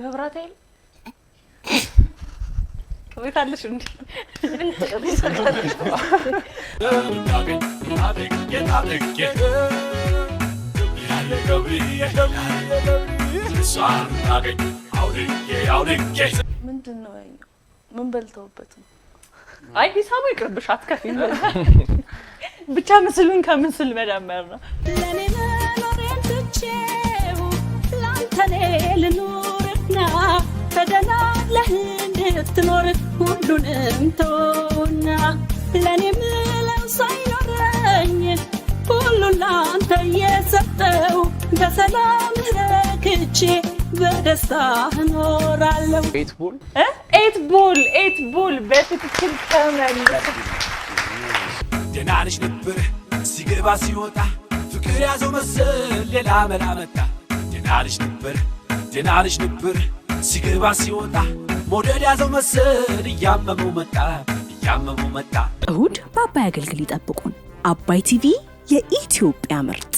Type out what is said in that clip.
መብራት አይል ቤት አለሽ ምንድን ነው ያኛው? ምን በልተውበት ነው? አይ ሂሳቡ ይቅርብሽ፣ አትከፊ ብቻ ምስሉን ከምስል መደመር ነው። ጎዳና ለህን ትኖር ሁሉንም ተውና ለእኔ ምለው ሳይኖረኝ ሁሉን ለአንተ እየሰጠው በሰላም ረክቼ በደስታ እኖራለሁ። ኤት ቦል ኤት ቦል በትክክል ተመለሰ። ደህና ነሽ ነበር ሲገባ ሲወጣ ፍቅር ያዘው መሰል ሌላ መላ መጣ። ደህና ነሽ ነበር ደህና ነሽ ነበር ሲገባ ሲወጣ ሞደድ ያዘው መስል እያመመው መጣ እያመመው መጣ። እሁድ በአባይ አገልግል ይጠብቁን። አባይ ቲቪ የኢትዮጵያ ምርት።